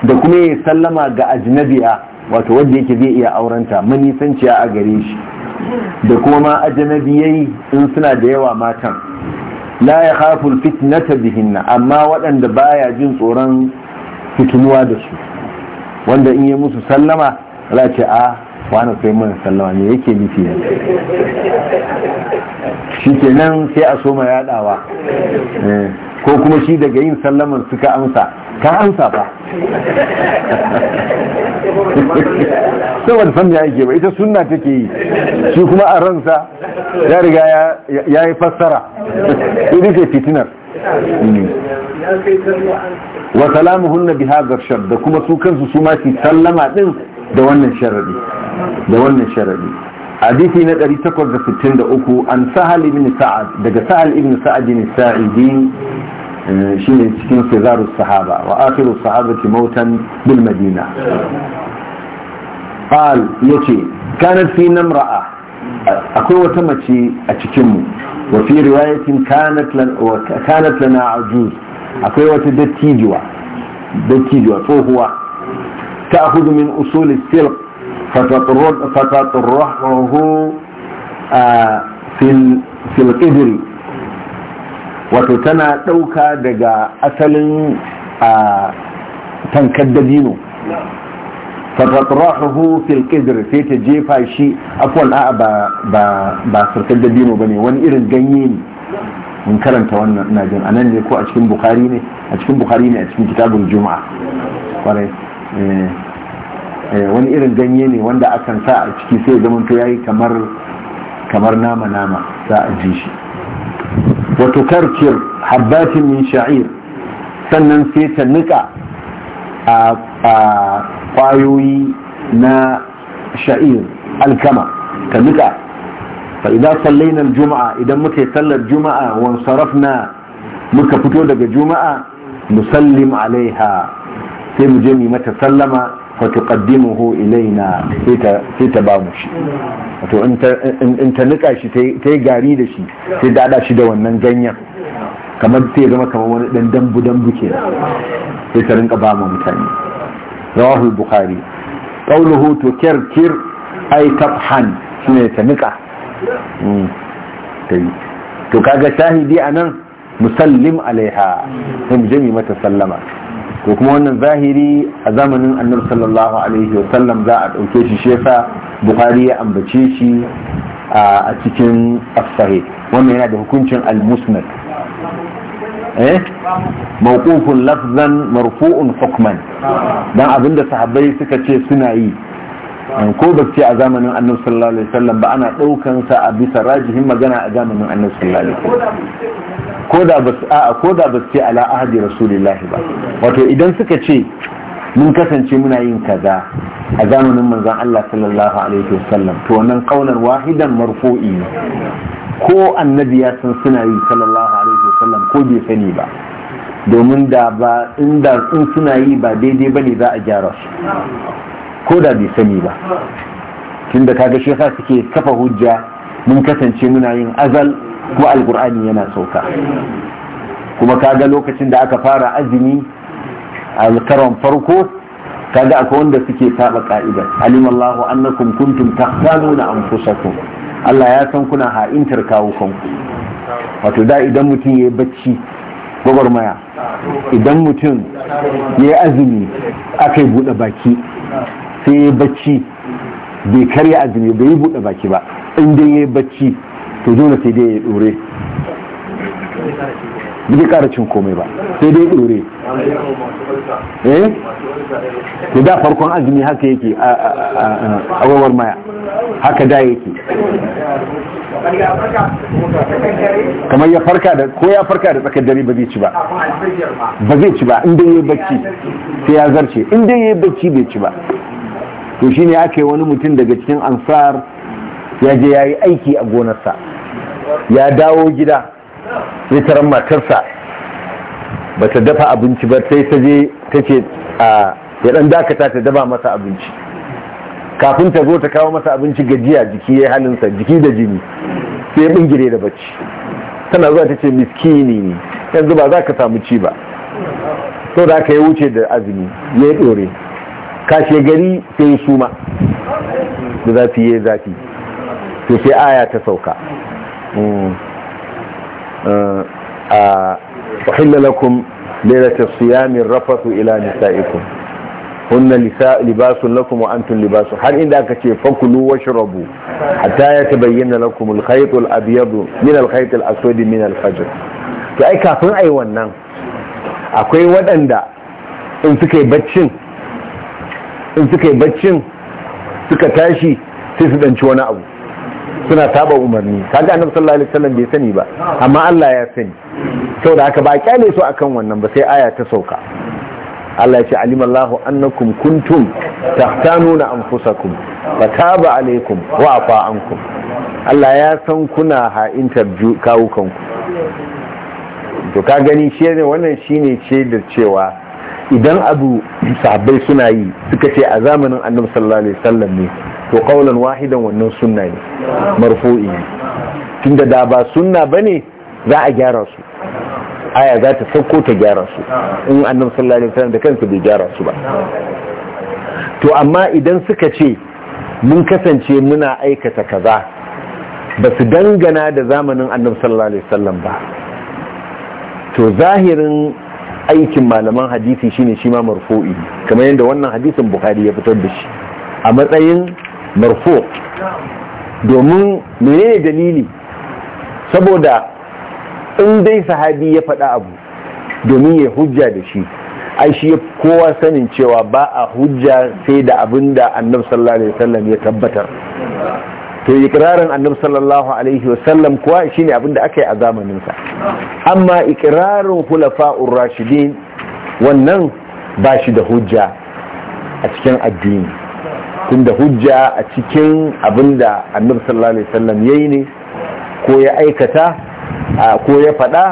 da kuma ya sallama ga ajnabiya wato wanda yake zai iya aurenta manisanciya a gare shi da kuma ma ajnabiyai in suna da yawa matan la ya khafu fitnata bihinna amma waɗanda baya jin tsoron fitinuwa da su wanda in yi musu sallama za ce a ah, wani sai mun sallama ne yake nufi ne shi kenan sai a soma yadawa eh, ko kuma shi daga yin sallaman suka amsa ka amsa ba *laughs* saboda san ya yake ba ita sunna take yi shi kuma a ransa ya riga ya yi fassara ita ke fitinar hmm. wa salamuhunna bi hadha da kuma su kansu su ma su sallama din da wannan sharadi da wannan sharadi hadisi na 863 an sahal ibn sa'ad daga sahal ibn sa'ad eh, ne sa'idi shine cikin sizaru sahaba wa akhiru sahabati mautan bil madina qal yace kanat fi namra'a akwai wata mace a cikin mu wa fi riwayatin kanat wa kanat lana ajuz akwai wata dattijuwa dattijuwa tsohuwa ta'khudhu min usul silq fataturruhu fil qibri wato tana ɗauka daga asalin tankar dabino fatatrahuhu fil qidr sai ta jefa shi afwan 'a'a ba a ba sarkar dabino bane wani irin ganye ne mun karanta wannan ina jin anan ne ko a cikin bukhari ne a cikin bukhari juma'a Eh, wani irin ganye ne wanda akan sa a ciki sai zama to yayi kamar kamar nama nama za a ji shi wato karkir habbatin min sha'ir sannan sai ta nika a kwayoyi na sha'ir alkama ta nika fa ina sallaina juma'a idan muka yi sallar juma'a wan sarafna muka fito daga juma'a musallim alaiha sai mu je mu mata sallama wa tuqaddimuhu ilaina sai ta انت انت shi wato in ta nika shi ta yi gari da shi sai shi da wannan ganya kamar sai zama kamar wani dan dambu dambu ke sai ta rinka ba mu mutane rawahu bukhari qawluhu tukarkir ay tabhan shine ta nika hmm. to kaga shahidi anan musallim alaiha sai jami mata sallama ko kuma wannan zahiri a zamanin annabi sallallahu alaihi wa sallam za a ɗauke shi shefa bukhari ya ambace shi a cikin as wannan yana da hukuncin al-musnad eh mawqufun lafzan marfu'un hukman dan abinda sahabbai suka ce suna yi ko ba ce a zamanin annabi sallallahu alaihi wasallam ba ana daukan sa a bisa rajihin magana a zamanin annabi sallallahu alaihi wasallam ko da ba a ko da ba ce ala ahadi rasulillahi ba wato idan suka ce mun kasance muna yin kaza a zamanin manzon Allah sallallahu alaihi wasallam to wannan kaunar wahidan marfu'i ko annabi ya san suna yi sallallahu alaihi wasallam ko bai sani ba domin da ba inda in suna yi ba daidai bane za a gyara su ko da bai sani ba tun da kaga shi suke kafa hujja mun kasance muna yin azal ko alkur'ani yana sauka kuma kaga lokacin da aka fara azumi alkaron farko kaga akwai wanda suke saba ka'idar alimallahu annakum kuntum taqtaluna anfusakum Allah ya san kuna ha'intar kawo kanku wato da idan mutum ya bacci gwagwarmaya idan mutum ya azumi aka yi buɗe baki sai bacci bai karya azumi bai yi buɗe baki ba in dai yayi bacci to dole sai dai ya dore bai ƙara cin komai ba sai dai dore eh to da farkon azumi haka yake a wawar maya haka da yake kamar ya farka da ko ya farka da tsakar dare ba zai ci ba ba zai ci ba in dai yi bacci sai ya zarce in dai yi bacci bai ci ba to shi ne aka yi wani mutum daga cikin ansar ya je ya yi aiki a gonarsa ya dawo gida taron matarsa ba ta dafa abinci ba sai ta je ta ce ya dan dakata ta dafa masa abinci kafin ta zo ta kawo masa abinci gajiya jiki ya halinsa jiki da jini sai ya bingire da bacci tana zuwa ta ce miskini ne yanzu ba za ka samu ci ba sau da aka yi wuce da azumi ya yi ɗore kashe gari sai suma da zafi ya zafi to sai aya ta sauka mm. uh, a lakum lailatul siyami rafasu ila nisaikum hunna libasu lakum wa antum libasun har inda aka ce fakulu washrabu hatta yatabayyana ta bayyana khayt al-abyad min al-khayt min alfajir? to ai kafin ai wannan akwai waɗanda in suka yi baccin in suka yi baccin suka tashi sai su danci wani abu suna saba umarni kaga annabi sallallahu alaihi wasallam bai sani ba amma Allah ya sani saboda haka ba kyale su akan wannan ba sai aya ta sauka Allah ya ce alimallahu annakum kuntum tahtanuna anfusakum taba alaikum wa afa ankum Allah ya san kuna ha'intar kawukanku to ka gani shi ne wannan shine ce da cewa idan abu sahabbai suna yi suka ce a zamanin annabi sallallahu alaihi wasallam ne to qaulan wahidan wannan sunna ne marfu'i ne tunda da ba sunna bane za a gyara su aya za ta sauko ta gyara su in annabi sallallahu alaihi wasallam da kansa bai gyara su ba to amma idan suka ce mun kasance muna aikata kaza ba su dangana da zamanin annabi sallallahu alaihi wasallam ba to zahirin aikin malaman hadisi shine shi ma marfu'i kamar yadda wannan hadisin bukhari ya fitar da shi a matsayin marfu domin menene dalili saboda in dai sahabi ya faɗa abu domin ya hujja da shi ai shi kowa sanin cewa ba a hujja sai da abin da annabi sallallahu alaihi wasallam ya tabbatar to ikirarin annabi sallallahu alaihi wasallam kuwa shine abin da aka yi a zamaninsa sa amma ikirarin hulafa rashidin wannan ba shi da hujja a cikin addini tunda hujja a cikin abinda da annabi sallallahu alaihi wasallam yayi ne ko ya aikata ko ya faɗa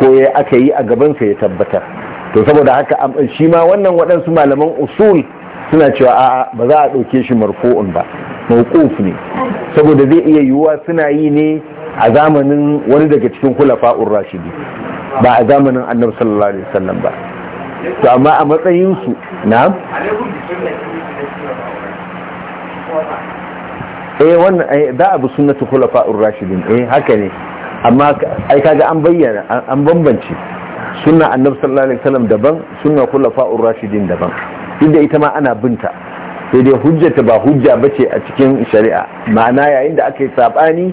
ko ya aka yi a gabansa ya tabbatar to saboda haka shi ma wannan waɗansu malaman usul suna cewa a'a ba za a ɗauke shi marfu'un ba mawquf ne saboda zai iya yiwuwa suna yi ne a zamanin wani daga cikin khulafa'ur rashidi ba a zamanin annabi sallallahu alaihi wasallam ba to amma a matsayin su na eh wannan eh, za a bi sunnatu ar rashidin eh haka ne amma ai kaga an bayyana an bambance sunna annabi sallallahu alaihi wasallam daban sunna ar rashidin daban duk da ita ma ana binta sai dai hujjata ba hujja ba ce a cikin shari'a ma'ana yayin da aka yi saɓani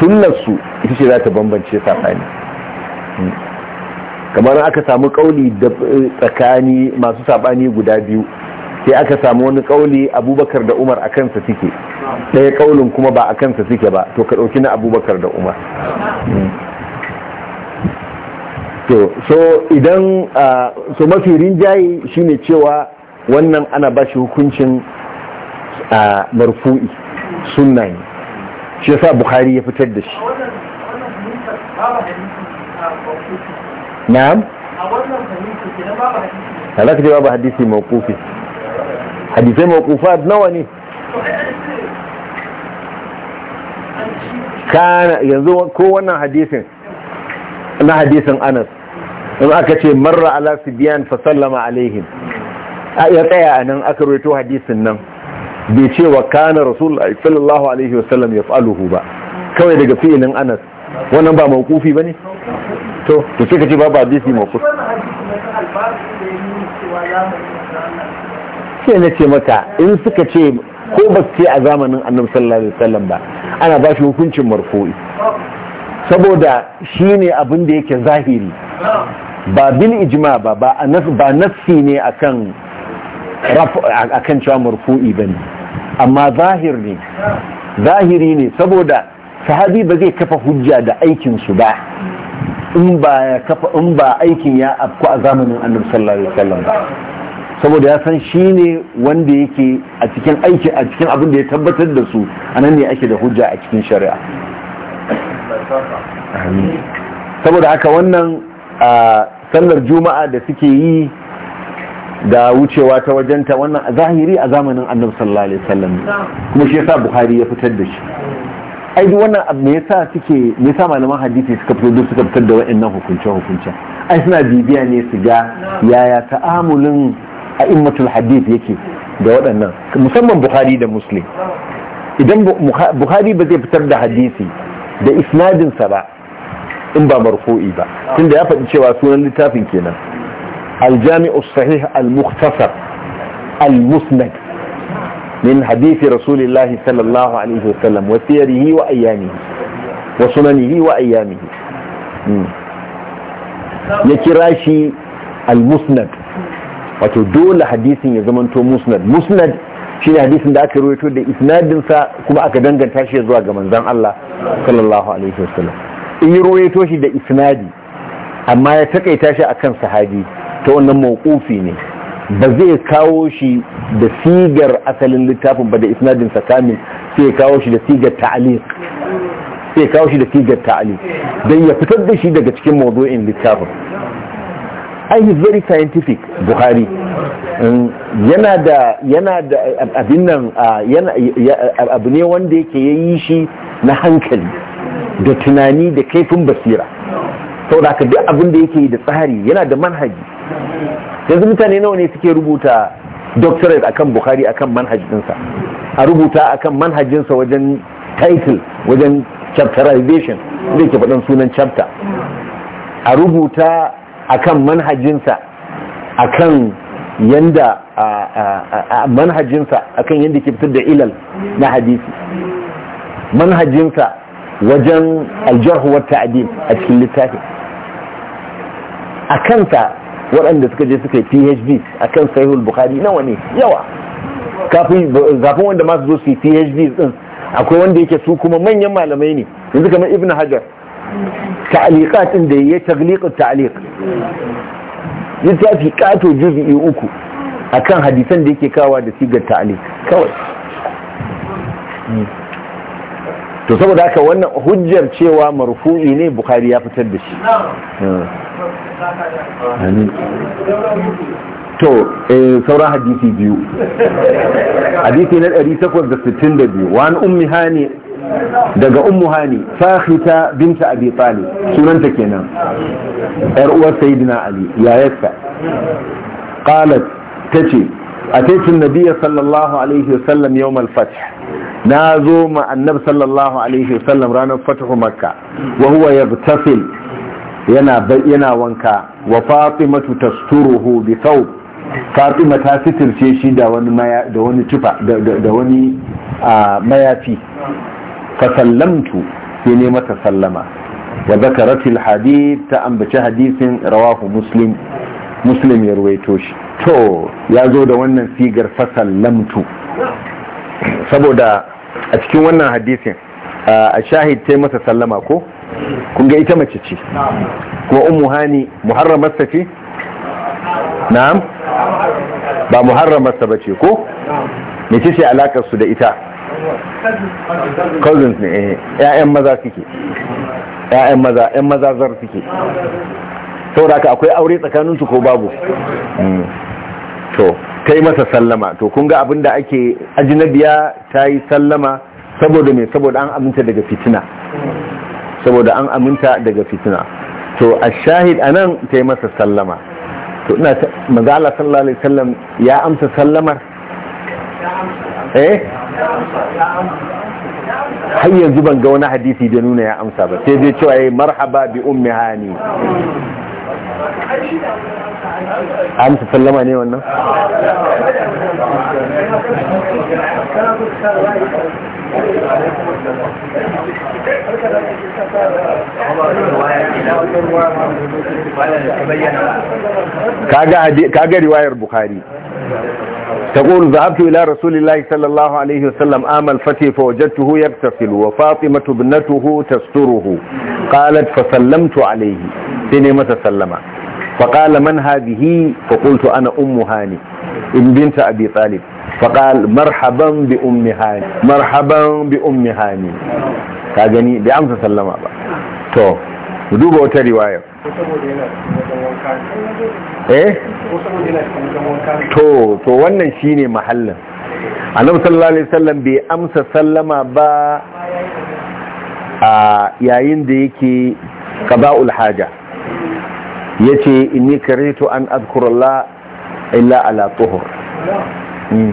sunnarsu ita ce za ta bambance saɓani hmm. kamar aka samu ƙauli eh, tsakani masu saɓani guda biyu sai aka samu wani ƙauli abubakar da umar a kansa suke ɗaya ƙaulin kuma ba a kansa suke ba to ka ɗauki na abubakar da umar hmm. to so idan so mafi rinjaye shine cewa wannan ana ba shi hukuncin marfu'i sunna ne shi yasa bukhari ya fitar da shi na'am a za ka ce babu hadisi mawkufi hadisai mawkufa nawa ne kana yanzu ko wannan hadisin na hadisin anas in aka ce marra ala sibiyan fa sallama alaihim ya tsaya a nan aka rawaito hadisin nan bai ce wa kana rasul sallallahu alaihi wasallam ya faluhu ba kawai daga fi'ilin anas wannan ba mawqufi bane to to sai ka ce babu hadisi mawquf sai na ce maka in suka ce ko ba ce a zamanin annabi sallallahu alaihi wasallam ba ana ba shi hukuncin marfu'i saboda shi ne abin da yake zahiri ba bil ijima ba ba nafsi ne akan akan cewa marfu'i ne, amma zahiri ne zahiri ne saboda sahabi ba zai kafa hujja da aikin su ba in ba kafa in ba aikin ya afku a zamanin annabi sallallahu alaihi wasallam ba saboda ya san shi ne wanda yake a cikin aiki a cikin abin da ya tabbatar da su anan ne ake da hujja a cikin shari'a saboda haka wannan a sallar juma'a da suke yi da wucewa ta wajenta wannan zahiri a zamanin annabi sallallahu alaihi wasallam kuma shi yasa buhari ya fitar da shi ai duk wannan me yasa suke me yasa malaman hadisi suka fito duk suka fitar da wa'annan hukunce hukunce ai suna bibiya ne su ga yaya ta'amulin a'immatul hadith yake da waɗannan musamman buhari da muslim idan buhari ba zai fitar da hadisi da isnadinsa ba in ba marfo'i ba tunda ya faɗi cewa sunan littafin kenan aljami'u sahih al-mukhtasar al-musnad min hadithi rasulillah sallallahu alaihi wasallam wa siyarihi wa ayyamihi wa sunanihi wa ayyamihi hmm. ya kira shi al-musnad wato dole hadisin ya zamanto musnad musnad shi ne hadisin da aka rawaito da isnadinsa kuma aka danganta shi zuwa ga manzon Allah sallallahu alaihi wasallam in yi rawaito shi da isnadi amma ya takaita shi akan sahadi, ta wannan mawqufi ne ba zai kawo shi da sigar asalin littafin ba da isnadinsa kamil sai kawo shi da sigar ta'aliq sai kawo shi da sigar ta'aliq dan ya fitar da shi daga cikin mawdu'in littafin ai he's very scientific buhari mm, yana da yana da abin nan abu ne wanda yake yayi shi na hankali da tunani da kaifin basira sau da aka duk abin da yake da tsari yana da manhaji yanzu mutane nawa ne suke rubuta doctorate akan bukhari akan manhajinsa a rubuta akan manhajinsa wajen title wajen chapterization da ke faɗin sunan chapter a rubuta akan manhajinsa akan yanda manhajinsa akan yanda ke fitar da ilal na hadisi manhajinsa wajen aljarhu wa a cikin littafi kanta waɗanda suka je suka yi PhD akan sahihul bukhari nawa ne yawa kafin zafin wanda masu zo su yi PhD din akwai wanda yake su kuma manyan malamai ne yanzu kamar Ibn Hajar ta'aliqat din da ya tagliqu ta'liq fi kato juz'i uku akan hadisan da yake kawa da sigar ta'liq kawai to saboda haka wannan hujjar cewa marfu'i ne bukhari ya fitar da shi to sauran hadisi biyu hadisi na 862 wa an ummi hani daga ummu hani Binta bint abi talib kenan yar uwa sayyidina ali ya yasa qalat tace atayt an-nabiy sallallahu alayhi wa yawm al-fath na zo ma annab sallallahu alayhi wa ranar fath makka wa huwa yaghtasil yana yana wanka wa fatima tasturuhu bi thawb fatima ta sitirce shi da wani da wani tufa da wani ah, mayafi Fasallamtu sallamtu sai ne mata sallama wa zakaratil hadith ta ambaci hadisin rawahu muslim muslim ya ruwaito shi to ya zo da wannan sigar fasallamtu saboda a cikin wannan hadisin a shahid ta masa sallama ko kun ga ita mace ce kuma ummu hani muharramarsa ce na'am ba muharramarsa ba ce ko mece ce alakar su da ita cousins ne eh ƴaƴan maza suke ƴaƴan maza ƴan maza zar suke saboda ka akwai aure tsakanin su ko babu mm. to kai masa sallama to kun ga abinda ake ajnabiya ta yi sallama saboda me saboda an aminta daga fitina saboda an aminta daga fitina to a shahid anan ta yi masa sallama to ina maza Allah sallallahu alaihi wasallam ya amsa sallamar eh har yanzu ban ga wani hadisi da nuna ya amsa ba sai dai cewa yayi marhaba bi ummi hani amsa sallama ne wannan kaga riwayar bukhari تقول ذهبت إلى رسول الله صلى الله عليه وسلم عام الفتح فوجدته يغتسل وفاطمة ابنته تستره قالت فسلمت عليه سنمة سلمة فقال من هذه فقلت أنا أم هاني ام بنت أبي طالب فقال مرحبا بأم هاني مرحبا بأم هاني كاجني بأمس سلمة تو ku duba wata riwaya eh to to wannan shine mahallin annabi sallallahu alaihi wasallam bai amsa sallama ba a yayin da yake qada'ul haja yace inni karitu an adhkura Allah illa ala tuhur hmm.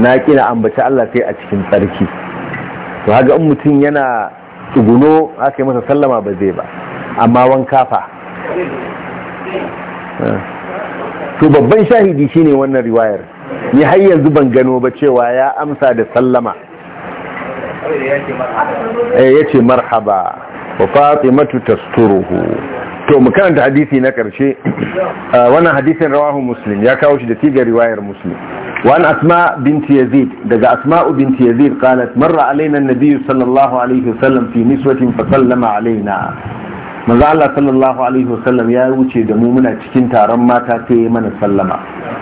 na kina ambaci Allah sai a cikin tsarki to haka in mutum yana tsuguno aka yi masa sallama ba zai ba amma wanka fa to babban shahidi shine wannan riwayar ni har yanzu ban gano ba cewa ya amsa da sallama eh yace marhaba wa fatimatu tasturuhu to mu karanta hadisi na karshe *coughs* ah, wannan hadisin rawahu muslim ya kawo shi da tigar riwayar muslim وعن أسماء بنت يزيد دقى أسماء بنت يزيد قالت مر علينا النبي صلى الله عليه وسلم في نسوة فسلم علينا manzo Allah sallallahu alaihi wasallam ya wuce da mu muna cikin taron mata sai mana sallama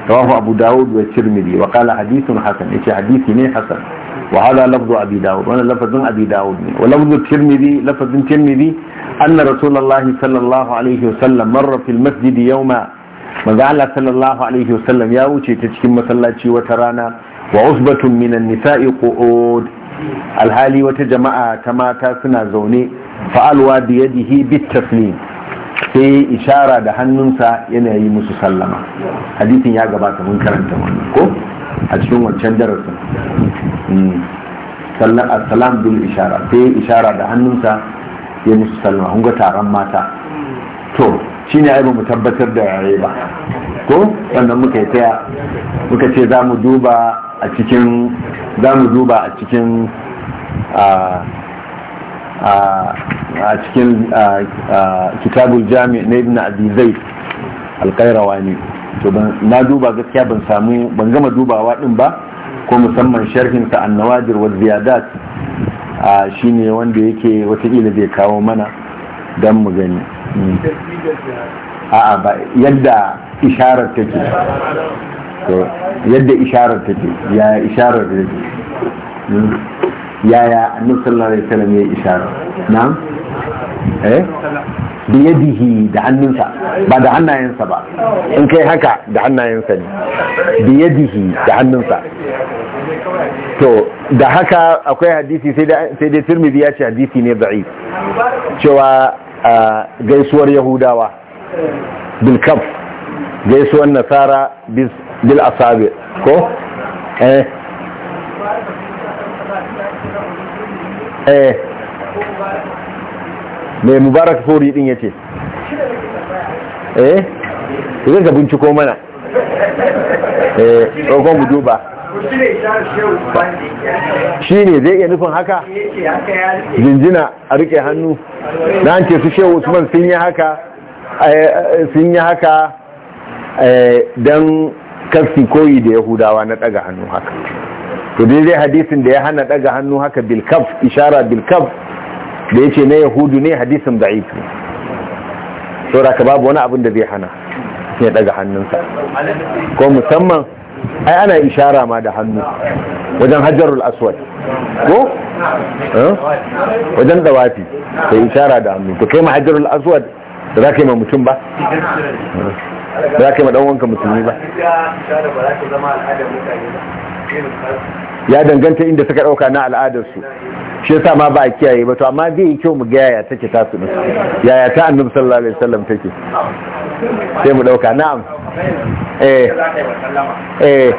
rawahu abu dawud wa tirmidhi wa qala hadithun hasan yace hadisi ne hasan wa hada lafzu abi dawud wannan lafazin abi dawud ne wa lafzu tirmidhi lafazin tirmidhi anna rasulullah sallallahu alaihi wasallam marra fil masjid yawma manzo Allah sallallahu alaihi wasallam ya wuce ta cikin masallaci wata rana wa usbatun minan nisa'i qu'ud alhali wata jama'a ta mata suna zaune fa'alwa da yadihi bit taslim sai ishara da hannunsa yana yi musu sallama hadisin ya gabata mun karanta wannan ko a cikin wancan darasin mm. sallan assalam ishara sai ishara da hannunsa ya musu sallama hunga taron mata to shi ne mu tabbatar da yare ba ko sannan muka yi taya muka ce za mu duba a cikin za mu duba a cikin a cikin kitabul jami na ibn abizai alkairawa ne to na duba gaskiya ban samu ban gama dubawa din ba ko musamman sharhin ta annawadir wa ziyadat shine wanda yake watakila zai kawo mana don mu gani a'a ba yadda isharar take to yadda isharar take ya isharar take hmm. ya annabi sallallahu alaihi wasallam ya isharar na'am eh bi yadihi da hannunsa ba da hannayensa ba in kai haka da hannayensa ne bi yadihi da hannunsa to da haka akwai hadisi sai dai tirmidhi ya ce hadisi ne da'if cewa a gaisuwar yahudawa bilkaf gaisuwar nasara bil asabi ko eh eh mai mubarak fori din yace eh ka binciko mana eh rogon mu duba shi ne zai iya nufin haka jinjina a rike hannu na an ce su shehu usman sun yi haka eh, eh, sun yi haka eh, don karfi koyi da yahudawa na daga hannu haka to dai zai hadisin da ya hana daga hannu haka bilkaf ishara bilkaf da ya ce na yahudu ne hadisin da'if ne saboda ka babu wani abin da zai hana ya daga hannunsa ko musamman ai ana ishara ma da hannu wajen hajjarul aswad ko wajen dawafi sai ishara da hannu to kai ma hajjarul aswad da za ka yi ma mutum ba da za ka yi ma ɗanwanka musulmi ba ya danganta inda suka ɗauka na al'adarsu shi yasa ma ba a kiyaye ba to amma zai yi kyau mu ga yaya take tasu yaya ta annabi sallallahu alaihi wasallam take sai mu ɗauka na'am eh eh eh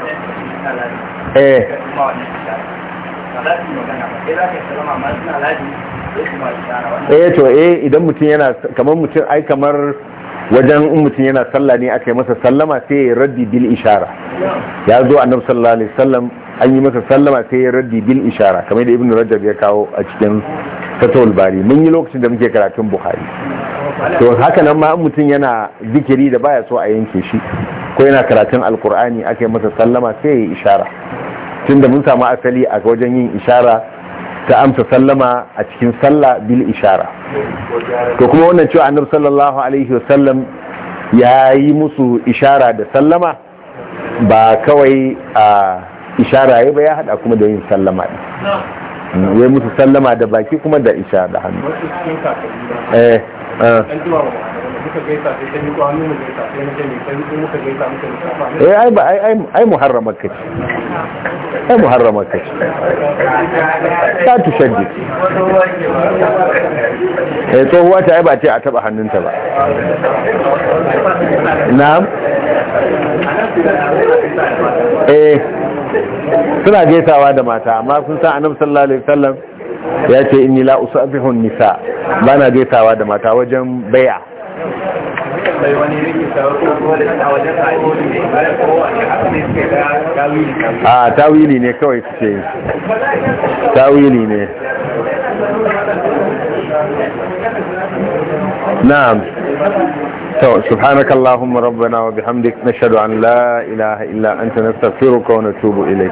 eh to eh idan mutum yana kamar mutum ai kamar wajen mutum yana sallah ne aka yi masa sallama sai ya raddi bil ishara ya zo annabi sallallahu alaihi wasallam an yi masa sallama sai ya raddi bil ishara kamar da ibnu rajab ya kawo a cikin fatawul bari mun yi lokacin da muke karatun buhari to haka nan ma mutum yana zikiri da baya so a yanke shi ko yana karatun alkur'ani aka yi masa sallama sai ya yi ishara tunda mun samu asali a wajen yin ishara ta amsa sallama a cikin sallah bil ishara to kuma wannan cewa annabi sallallahu alaihi wasallam ya yi musu ishara da sallama ba kawai a ishara ya bai ya hada kuma da yin sallama ya yi musu sallama da baki kuma da isha da hannu Eh. eh ai ba ai ai muharramar kace ai muharramar kace ta tushaddi eh tsohuwa ta ai ba ce a taba hannunta ba na'am eh suna gaisawa da mata amma sun san annabi sallallahu alaihi wasallam ya ce inni la usabihun nisa ba na gaisawa da mata wajen baya a tawili ne kawai su ce tawili ne na'am to subhanaka allahumma rabbana wa bihamdik nashhadu an la ilaha illa anta nastaghfiruka wa natubu ilayk